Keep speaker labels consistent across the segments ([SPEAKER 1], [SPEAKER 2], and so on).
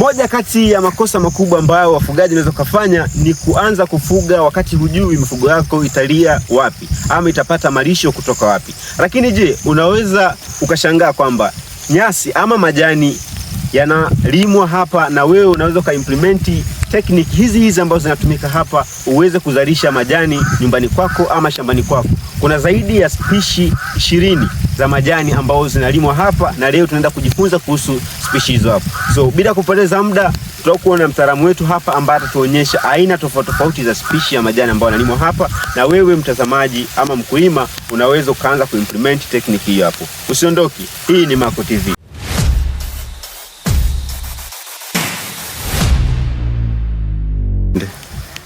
[SPEAKER 1] Moja kati ya makosa makubwa ambayo wafugaji wanaweza kufanya ni kuanza kufuga wakati hujui mifugo yako italia wapi ama itapata malisho kutoka wapi. Lakini je, unaweza ukashangaa kwamba nyasi ama majani yanalimwa hapa na wewe unaweza ukaimplementi tekniki hizi hizi ambazo zinatumika hapa uweze kuzalisha majani nyumbani kwako ama shambani kwako. Kuna zaidi ya spishi ishirini za majani ambazo zinalimwa hapa, na leo tunaenda kujifunza kuhusu spishi hizo hapa. So bila kupoteza muda, tutakuwa na mtaalamu wetu hapa ambaye atatuonyesha aina tofauti tofauti za spishi ya majani ambayo yanalimwa hapa, na wewe mtazamaji ama mkulima unaweza ukaanza kuimplement tekniki hiyo hapo. Usiondoki, hii ni Maco TV.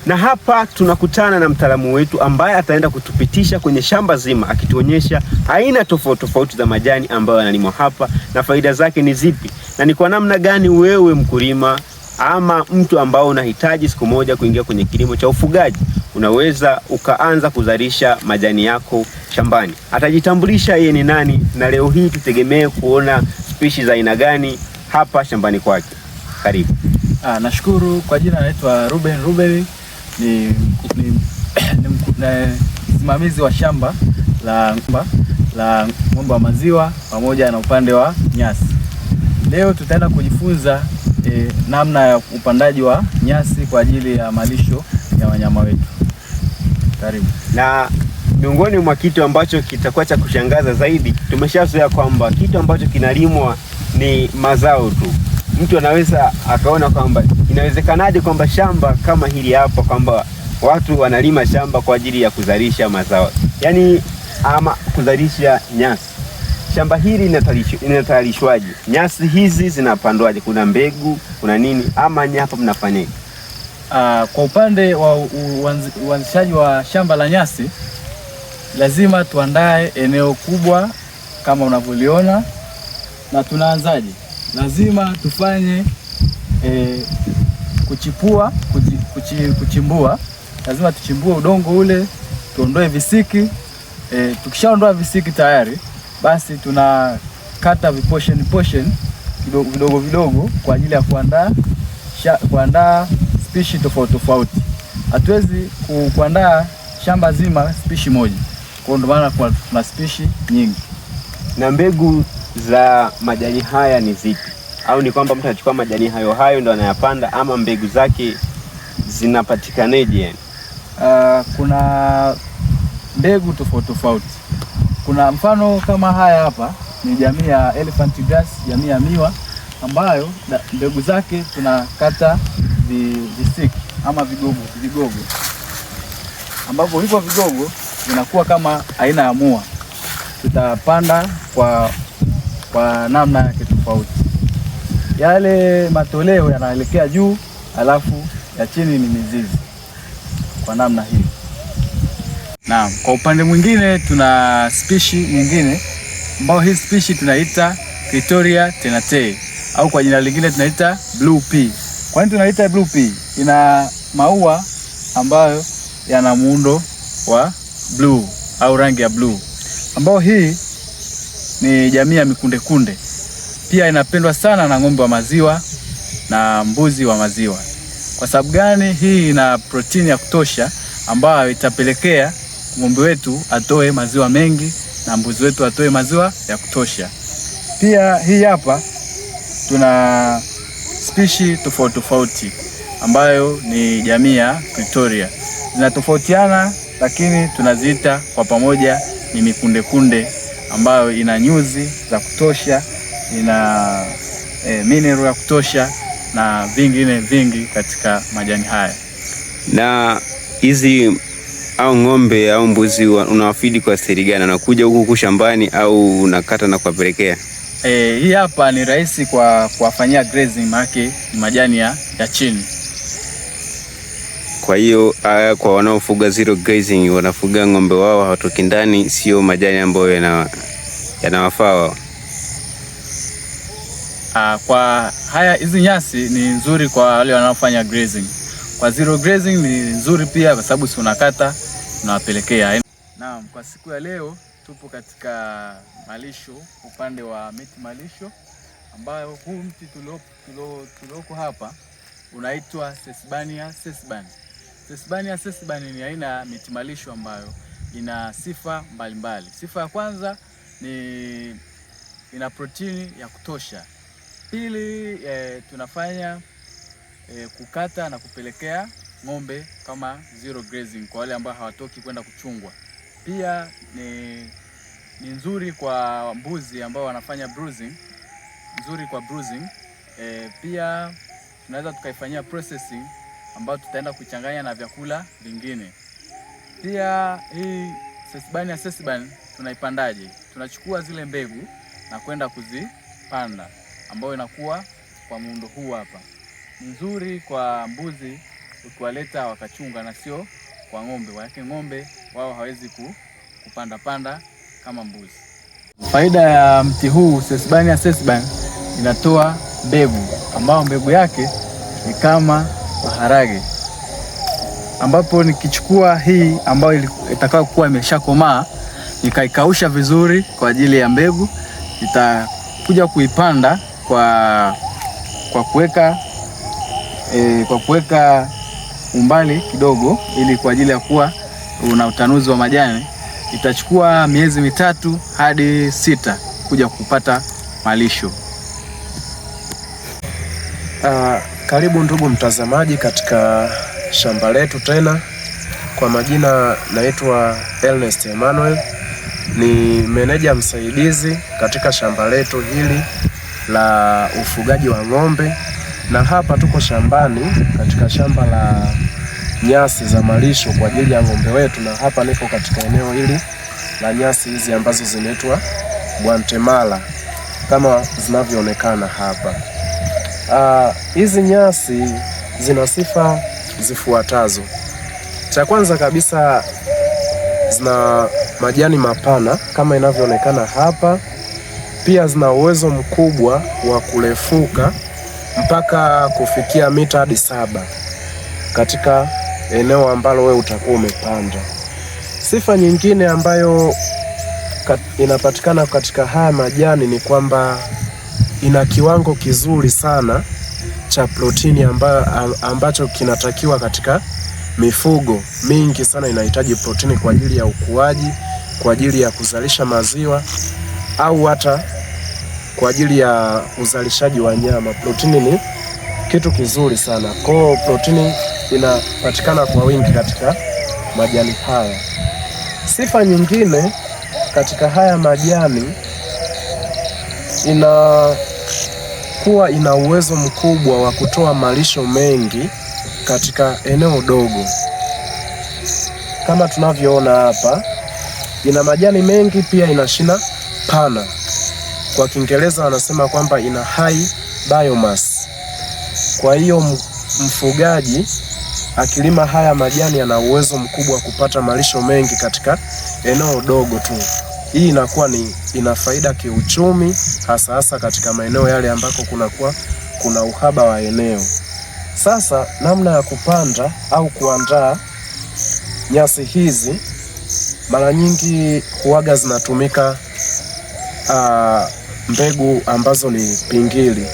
[SPEAKER 1] na hapa tunakutana na mtaalamu wetu ambaye ataenda kutupitisha kwenye shamba zima, akituonyesha aina tofauti tofauti za majani ambayo yanalimwa hapa na faida zake ni zipi na ni kwa namna gani wewe mkulima ama mtu ambao unahitaji siku moja kuingia kwenye kilimo cha ufugaji unaweza ukaanza kuzalisha majani yako shambani. Atajitambulisha yeye ni nani, na leo hii tutegemee kuona spishi za aina gani hapa shambani kwake. Karibu.
[SPEAKER 2] Ah, nashukuru. Kwa jina naitwa Ruben Ruben, ni, ni, ni msimamizi wa shamba la, la ng'ombe wa maziwa pamoja na upande wa nyasi. Leo tutaenda kujifunza eh, namna ya upandaji wa nyasi kwa ajili ya malisho ya wanyama wetu. Karibu.
[SPEAKER 1] Na miongoni mwa kitu ambacho kitakuwa cha kushangaza zaidi, tumeshazoea kwamba kitu ambacho kinalimwa ni mazao tu. Mtu anaweza akaona kwamba inawezekanaje kwamba shamba kama hili hapa kwamba watu wanalima shamba kwa ajili ya kuzalisha mazao yaani, ama kuzalisha nyasi. Shamba hili inatayarishwaje? Nyasi hizi zinapandwaje? Kuna mbegu, kuna nini, ama ni hapa mnafanyaje?
[SPEAKER 2] Uh, kwa upande wa uanzishaji wa shamba la nyasi lazima tuandae eneo kubwa kama unavyoliona. Na tunaanzaje? Lazima tufanye e, kuchipua kuchi, kuchimbua. Lazima tuchimbue udongo ule, tuondoe visiki e, tukishaondoa visiki tayari basi tunakata viportion portion vidogo vidogo, vidogo kwa ajili ya kuandaa kuandaa spishi tofauti tofauti. Hatuwezi kuandaa shamba zima spishi moja, kwa ndio maana kuna spishi nyingi.
[SPEAKER 1] Na mbegu za majani haya ni zipi? au ni kwamba mtu anachukua majani hayo hayo ndo anayapanda ama mbegu zake zinapatikaneje? Yani
[SPEAKER 2] uh, kuna mbegu tofauti tofauti. Kuna mfano kama haya hapa ni jamii ya elephant grass, jamii ya miwa ambayo mbegu zake tunakata visiki ama vigogo vigogo, ambapo hivyo vigogo vinakuwa kama aina ya mua, tutapanda kwa, kwa namna yake tofauti yale matoleo yanaelekea juu, alafu ya chini ni mizizi kwa namna hii.
[SPEAKER 1] Naam, kwa upande mwingine tuna spishi nyingine ambayo hii spishi tunaita Critoria tenatee au kwa jina lingine tunaita blue pea. Kwa nini tunaita blue pea? Ina maua ambayo yana muundo wa blue au rangi ya blue, ambayo hii ni jamii ya mikundekunde pia inapendwa sana na ng'ombe wa maziwa na mbuzi wa maziwa. Kwa sababu gani? Hii ina protini ya kutosha ambayo itapelekea ng'ombe wetu atoe maziwa mengi na mbuzi wetu atoe maziwa ya kutosha. Pia hii hapa tuna spishi tofauti tofauti ambayo ni jamii ya Pretoria, zinatofautiana lakini tunaziita kwa pamoja ni mikundekunde ambayo ina nyuzi za kutosha ina e, eh, mineral ya kutosha na vingine vingi katika majani haya. Na hizi au ng'ombe au mbuzi unawafidi kwa stili gani? Unakuja huku shambani au unakata na kuwapelekea?
[SPEAKER 2] E, hii hapa ni rahisi kwa kuwafanyia grazing, maanake ni majani ya, ya chini.
[SPEAKER 1] Kwa hiyo haya, kwa wanaofuga zero grazing, wanafuga ng'ombe wao hawatoki ndani, sio majani ambayo yanawafaa wao
[SPEAKER 2] Uh, kwa haya hizi nyasi ni nzuri kwa wale wanaofanya grazing. Kwa zero grazing ni nzuri pia, kwa sababu si unakata unawapelekea. Naam, kwa siku ya leo tupo katika malisho, upande wa miti malisho, ambayo huu mti tulioko hapa unaitwa Sesbania sesban. Sesbania sesban ni aina ya miti malisho ambayo ina sifa mbalimbali Sifa ya kwanza ni ina protini ya kutosha Pili eh, tunafanya eh, kukata na kupelekea ng'ombe kama zero grazing kwa wale ambao hawatoki kwenda kuchungwa. Pia ni, ni nzuri kwa mbuzi ambao wanafanya bruising, nzuri kwa bruising. Eh, pia tunaweza tukaifanyia processing ambayo tutaenda kuchanganya na vyakula vingine. Pia hii ya sesban tunaipandaje? Tunachukua zile mbegu na kwenda kuzipanda ambayo inakuwa kwa muundo huu hapa. nzuri kwa mbuzi ukiwaleta wakachunga na sio kwa ng'ombe, wake ng'ombe wao hawezi kupanda panda kama mbuzi.
[SPEAKER 1] Faida ya mti huu Sesbania sesbania inatoa mbegu ambayo mbegu yake ni kama maharage, ambapo nikichukua hii ambayo itakayo kuwa imeshakomaa nikaikausha vizuri kwa ajili ya mbegu, nitakuja kuipanda kwa kwa kuweka e, kwa kuweka umbali kidogo, ili kwa ajili ya kuwa una utanuzi wa majani. Itachukua miezi mitatu hadi sita kuja kupata malisho. Uh, karibu ndugu mtazamaji katika shamba letu tena. Kwa majina naitwa Ernest Emmanuel, ni meneja msaidizi katika shamba letu hili la ufugaji wa ng'ombe, na hapa tuko shambani katika shamba la nyasi za malisho kwa ajili ya ng'ombe wetu, na hapa niko katika eneo hili la nyasi hizi ambazo zinaitwa Bwantemala kama zinavyoonekana hapa. Ah, hizi uh, nyasi zina sifa zifuatazo. Cha kwanza kabisa, zina majani mapana kama inavyoonekana hapa pia zina uwezo mkubwa wa kurefuka mpaka kufikia mita hadi saba katika eneo ambalo wewe utakuwa umepanda. Sifa nyingine ambayo inapatikana katika haya majani ni kwamba ina kiwango kizuri sana cha protini amba, ambacho kinatakiwa katika mifugo mingi sana. Inahitaji protini kwa ajili ya ukuaji, kwa ajili ya kuzalisha maziwa au hata kwa ajili ya uzalishaji wa nyama. Protini ni kitu kizuri sana, kwa hiyo protini inapatikana kwa wingi katika majani haya. Sifa nyingine katika haya majani inakuwa ina uwezo mkubwa wa kutoa malisho mengi katika eneo dogo. Kama tunavyoona hapa, ina majani mengi, pia ina shina pana kwa Kiingereza wanasema kwamba ina high biomass. Kwa hiyo mfugaji akilima haya majani ana uwezo mkubwa wa kupata malisho mengi katika eneo dogo tu. Hii inakuwa ni ina faida kiuchumi, hasa hasa katika maeneo yale ambako kunakuwa kuna uhaba wa eneo. Sasa namna ya kupanda au kuandaa nyasi hizi mara nyingi huaga zinatumika mbegu ambazo ni pingili.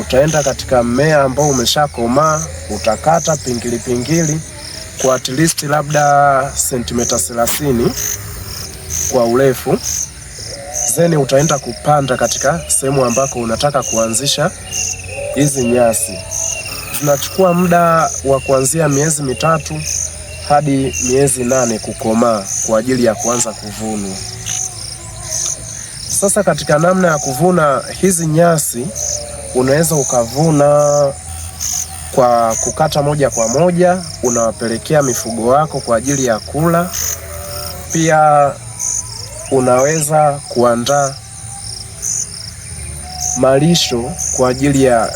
[SPEAKER 1] Utaenda katika mmea ambao umeshakomaa, utakata pingili pingili kwa at least labda sentimita 30 kwa urefu, then utaenda kupanda katika sehemu ambako unataka kuanzisha hizi nyasi. Zinachukua muda wa kuanzia miezi mitatu hadi miezi nane kukomaa kwa ajili ya kuanza kuvunwa. Sasa katika namna ya kuvuna hizi nyasi, unaweza ukavuna kwa kukata moja kwa moja, unawapelekea mifugo wako kwa ajili ya kula. Pia unaweza kuandaa malisho kwa ajili ya,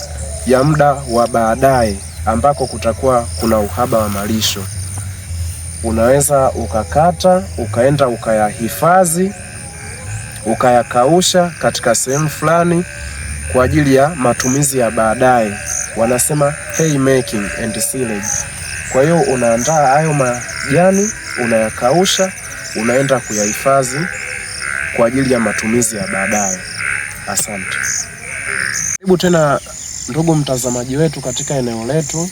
[SPEAKER 1] ya muda wa baadaye ambako kutakuwa kuna uhaba wa malisho. Unaweza ukakata ukaenda ukayahifadhi ukayakausha katika sehemu fulani kwa ajili ya matumizi ya baadaye, wanasema hay making and silage. Kwa hiyo unaandaa hayo majani unayakausha, unaenda kuyahifadhi kwa ajili ya matumizi ya baadaye. Asante. Karibu tena ndugu mtazamaji wetu katika eneo letu.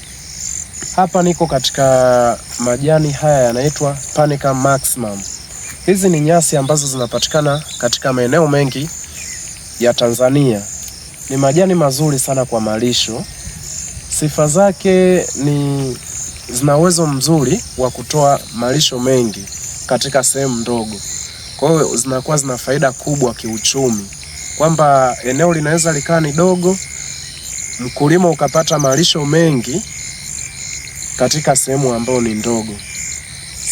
[SPEAKER 1] Hapa niko katika majani haya yanaitwa Panicum maximum. Hizi ni nyasi ambazo zinapatikana katika maeneo mengi ya Tanzania. Ni majani mazuri sana kwa malisho. Sifa zake ni zina uwezo mzuri wa kutoa malisho mengi katika sehemu ndogo. Kwa hiyo zinakuwa zina faida kubwa kiuchumi, kwamba eneo linaweza likaa ni dogo, mkulima ukapata malisho mengi katika sehemu ambayo ni ndogo.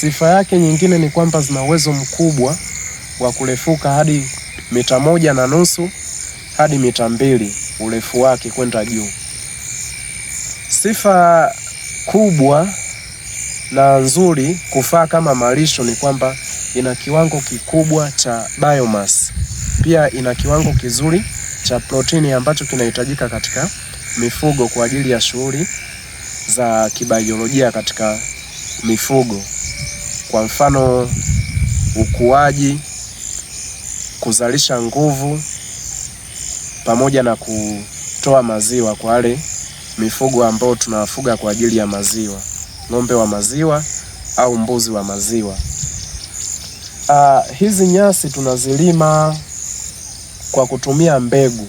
[SPEAKER 1] Sifa yake nyingine ni kwamba zina uwezo mkubwa wa kurefuka hadi mita moja na nusu hadi mita mbili urefu wake kwenda juu. Sifa kubwa na nzuri kufaa kama malisho ni kwamba ina kiwango kikubwa cha biomass. Pia ina kiwango kizuri cha protini ambacho kinahitajika katika mifugo kwa ajili ya shughuli za kibaiolojia katika mifugo kwa mfano ukuaji, kuzalisha nguvu pamoja na kutoa maziwa kwa wale mifugo ambao tunawafuga kwa ajili ya maziwa, ng'ombe wa maziwa au mbuzi wa maziwa. Ah, hizi nyasi tunazilima kwa kutumia mbegu.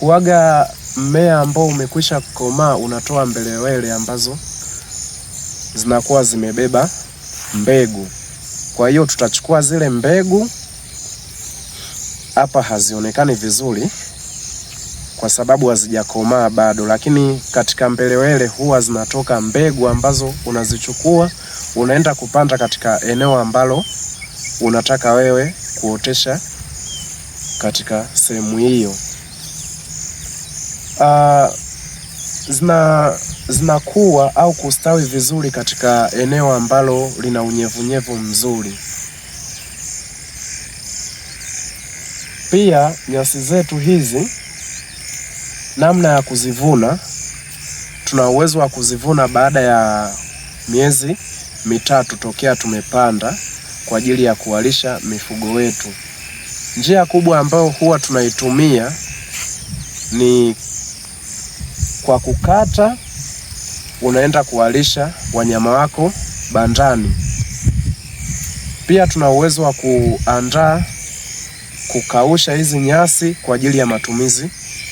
[SPEAKER 1] Huaga mmea ambao umekwisha kukomaa unatoa mbelewele ambazo zinakuwa zimebeba mbegu. Kwa hiyo tutachukua zile mbegu, hapa hazionekani vizuri kwa sababu hazijakomaa bado, lakini katika mbelewele huwa zinatoka mbegu ambazo unazichukua unaenda kupanda katika eneo ambalo unataka wewe kuotesha katika sehemu hiyo. Uh, zina zinakuwa au kustawi vizuri katika eneo ambalo lina unyevunyevu mzuri. Pia nyasi zetu hizi, namna ya kuzivuna, tuna uwezo wa kuzivuna baada ya miezi mitatu tokea tumepanda kwa ajili ya kuwalisha mifugo wetu. Njia kubwa ambayo huwa tunaitumia ni kwa kukata unaenda kuwalisha wanyama wako bandani. Pia tuna uwezo wa kuandaa, kukausha hizi nyasi kwa ajili ya matumizi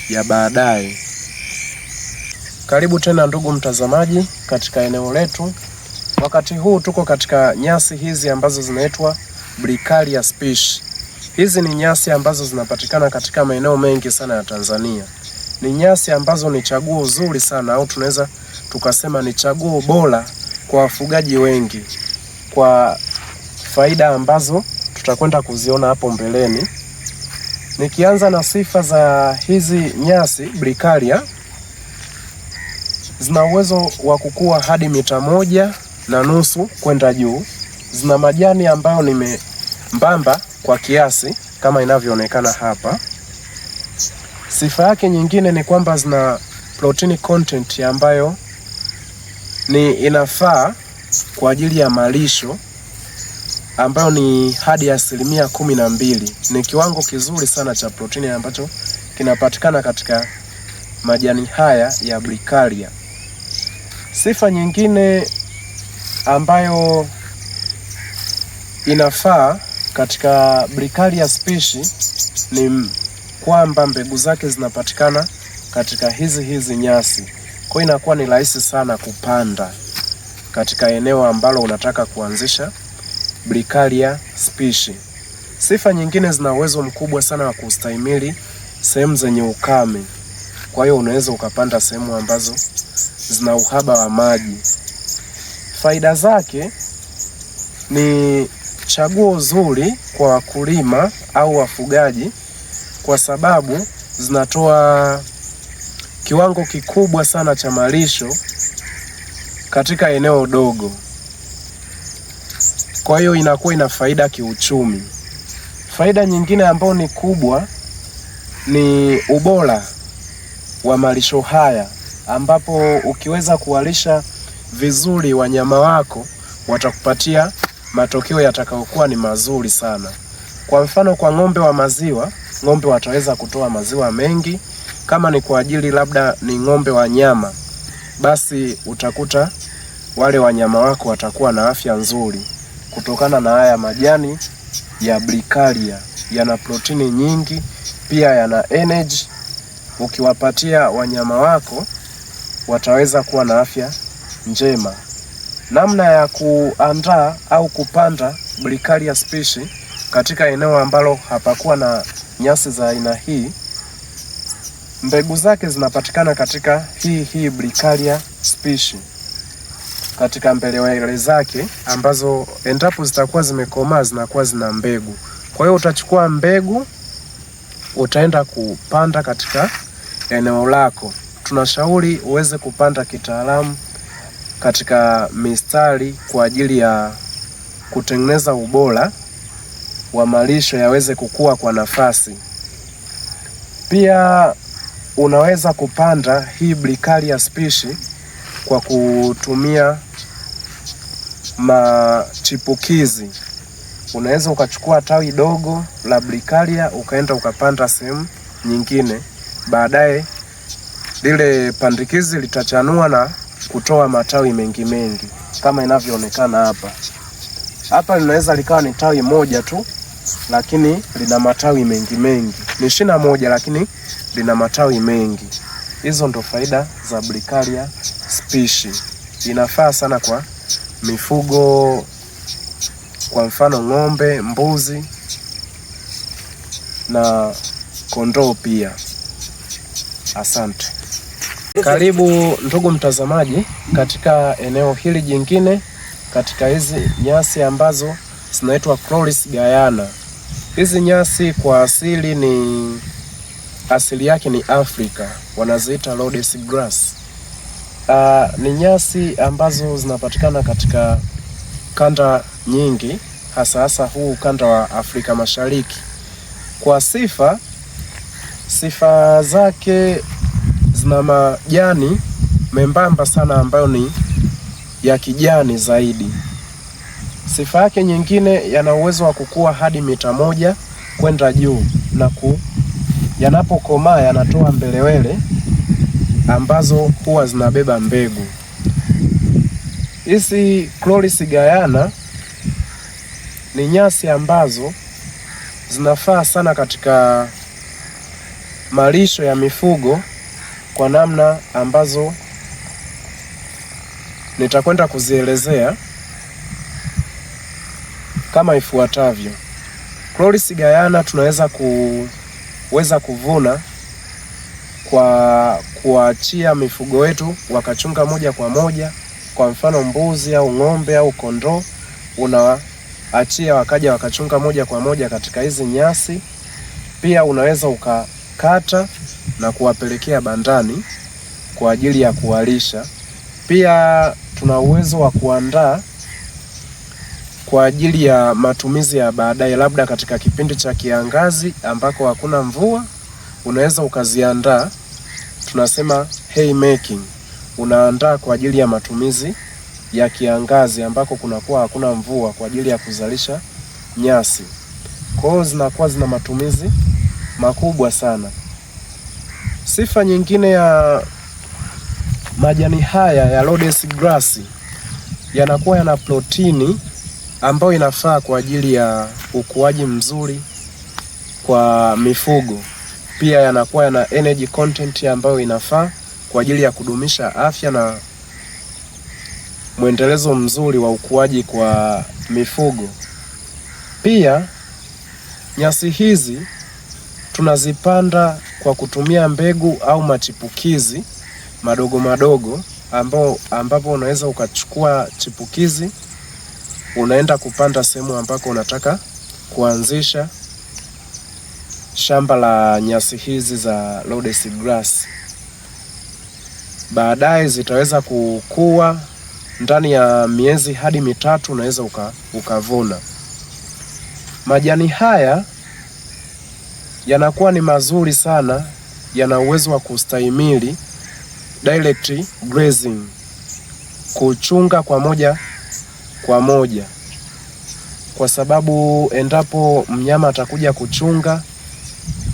[SPEAKER 1] ya baadaye. Karibu tena ndugu mtazamaji, katika eneo letu. Wakati huu tuko katika nyasi hizi ambazo zinaitwa Brikalia species. Hizi ni nyasi ambazo zinapatikana katika maeneo mengi sana ya Tanzania. Ni nyasi ambazo ni chaguo zuri sana au tunaweza tukasema ni chaguo bora kwa wafugaji wengi kwa faida ambazo tutakwenda kuziona hapo mbeleni. Nikianza na sifa za hizi nyasi Brikaria, zina uwezo wa kukua hadi mita moja na nusu kwenda juu. Zina majani ambayo ni membamba kwa kiasi kama inavyoonekana hapa. Sifa yake nyingine ni kwamba zina protein content ambayo ni inafaa kwa ajili ya malisho ambayo ni hadi asilimia kumi na mbili. Ni kiwango kizuri sana cha protini ambacho kinapatikana katika majani haya ya brikaria. Sifa nyingine ambayo inafaa katika brikalia spishi ni kwamba mbegu zake zinapatikana katika hizi hizi nyasi. Kwa hiyo inakuwa ni rahisi sana kupanda katika eneo ambalo unataka kuanzisha Bricalia spishi. Sifa nyingine zina uwezo mkubwa sana wa kustahimili sehemu zenye ukame. Kwa hiyo unaweza ukapanda sehemu ambazo zina uhaba wa maji. Faida zake ni chaguo zuri kwa wakulima au wafugaji kwa sababu zinatoa kiwango kikubwa sana cha malisho katika eneo dogo. Kwa hiyo inakuwa ina faida kiuchumi. Faida nyingine ambayo ni kubwa ni ubora wa malisho haya, ambapo ukiweza kuwalisha vizuri wanyama wako watakupatia matokeo yatakayokuwa ni mazuri sana. Kwa mfano, kwa ng'ombe wa maziwa, ng'ombe wataweza kutoa maziwa mengi. Kama ni kwa ajili labda ni ng'ombe wa nyama, basi utakuta wale wanyama wako watakuwa na afya nzuri kutokana na haya majani ya brikalia. Yana protini nyingi, pia yana energy. Ukiwapatia wanyama wako wataweza kuwa na afya njema. Namna ya kuandaa au kupanda brikalia spishi katika eneo ambalo hapakuwa na nyasi za aina hii Mbegu zake zinapatikana katika hii hii Brikalia species katika mbelewele zake ambazo endapo zitakuwa zimekomaa zinakuwa zina mbegu. Kwa hiyo utachukua mbegu utaenda kupanda katika eneo lako. Tunashauri uweze kupanda kitaalamu katika mistari kwa ajili ya kutengeneza ubora wa malisho yaweze kukua kwa nafasi. Pia Unaweza kupanda hii Brickaria spishi kwa kutumia machipukizi. Unaweza ukachukua tawi dogo la Brickaria ukaenda ukapanda sehemu nyingine, baadaye lile pandikizi litachanua na kutoa matawi mengi mengi kama inavyoonekana hapa. Hapa linaweza likawa ni tawi moja tu, lakini lina matawi mengi mengi. Ni shina moja, lakini lina matawi mengi. Hizo ndo faida za Bricaria spishi. Inafaa sana kwa mifugo, kwa mfano ng'ombe, mbuzi na kondoo pia. Asante. Karibu ndugu mtazamaji, katika eneo hili jingine, katika hizi nyasi ambazo zinaitwa Chloris gayana. Hizi nyasi kwa asili ni asili yake ni Afrika, wanaziita Rhodes grass. Uh, ni nyasi ambazo zinapatikana katika kanda nyingi, hasa hasa huu ukanda wa Afrika Mashariki. Kwa sifa, sifa zake zina majani membamba sana ambayo ni ya kijani zaidi. Sifa yake nyingine, yana uwezo wa kukua hadi mita moja kwenda juu na ku yanapokomaa yanatoa mbelewele ambazo huwa zinabeba mbegu. Hizi Chloris gayana ni nyasi ambazo zinafaa sana katika malisho ya mifugo kwa namna ambazo nitakwenda kuzielezea kama ifuatavyo. Chloris gayana tunaweza ku kuweza kuvuna kwa kuachia mifugo wetu wakachunga moja kwa moja, kwa mfano mbuzi au ng'ombe au kondoo, unaachia wakaja wakachunga moja kwa moja katika hizi nyasi. Pia unaweza ukakata na kuwapelekea bandani kwa ajili ya kuwalisha. Pia tuna uwezo wa kuandaa kwa ajili ya matumizi ya baadaye, labda katika kipindi cha kiangazi ambako hakuna mvua, unaweza ukaziandaa, tunasema hay making, unaandaa kwa ajili ya matumizi ya kiangazi ambako kunakuwa hakuna mvua, kwa ajili ya kuzalisha nyasi. Kwa hiyo zinakuwa zina matumizi makubwa sana. Sifa nyingine ya majani haya ya Rhodes grass yanakuwa yana protini ambayo inafaa kwa ajili ya ukuaji mzuri kwa mifugo. Pia yanakuwa yana energy content ambayo inafaa kwa ajili ya kudumisha afya na mwendelezo mzuri wa ukuaji kwa mifugo. Pia nyasi hizi tunazipanda kwa kutumia mbegu au machipukizi madogo madogo ambao ambapo unaweza ukachukua chipukizi unaenda kupanda sehemu ambako unataka kuanzisha shamba la nyasi hizi za Rhodes grass. Baadaye zitaweza kukua ndani ya miezi hadi mitatu, unaweza uka, ukavuna majani haya. Yanakuwa ni mazuri sana, yana uwezo wa kustahimili direct grazing, kuchunga kwa moja kwa moja, kwa sababu endapo mnyama atakuja kuchunga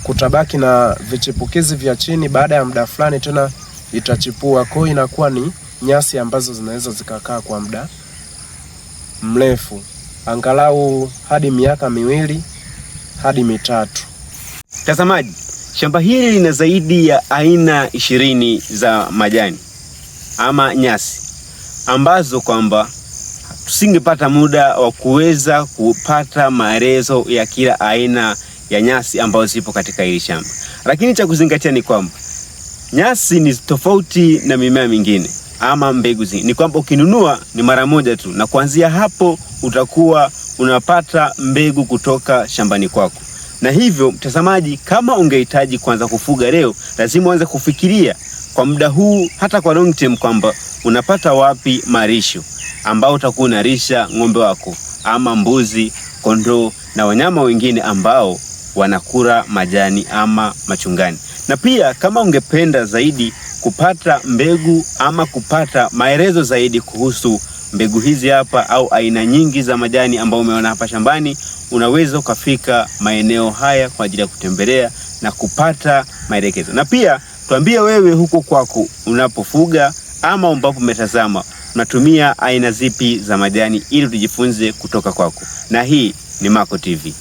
[SPEAKER 1] kutabaki na vichipukizi vya chini, baada ya muda fulani tena itachipua. Kwa hiyo inakuwa ni nyasi ambazo zinaweza zikakaa kwa muda mrefu, angalau hadi miaka miwili hadi mitatu. Mtazamaji, shamba hili lina zaidi ya aina ishirini za majani ama nyasi ambazo kwamba tusingepata muda wa kuweza kupata maelezo ya kila aina ya nyasi ambazo zipo katika hili shamba. Lakini cha kuzingatia ni kwamba nyasi ni tofauti na mimea mingine ama mbegu zingine, ni kwamba ukinunua ni mara moja tu, na kuanzia hapo utakuwa unapata mbegu kutoka shambani kwako. Na hivyo mtazamaji, kama ungehitaji kuanza kufuga leo, lazima uanze kufikiria kwa muda huu, hata kwa long term, kwamba unapata wapi marisho ambao utakuwa unalisha ng'ombe wako ama mbuzi, kondoo na wanyama wengine ambao wanakula majani ama machungani. Na pia kama ungependa zaidi kupata mbegu ama kupata maelezo zaidi kuhusu mbegu hizi hapa au aina nyingi za majani ambayo umeona hapa shambani, unaweza ukafika maeneo haya kwa ajili ya kutembelea na kupata maelekezo. Na pia tuambie wewe huko kwako unapofuga ama ambapo umetazama tunatumia aina zipi za majani ili tujifunze kutoka kwako, na hii ni Maco TV.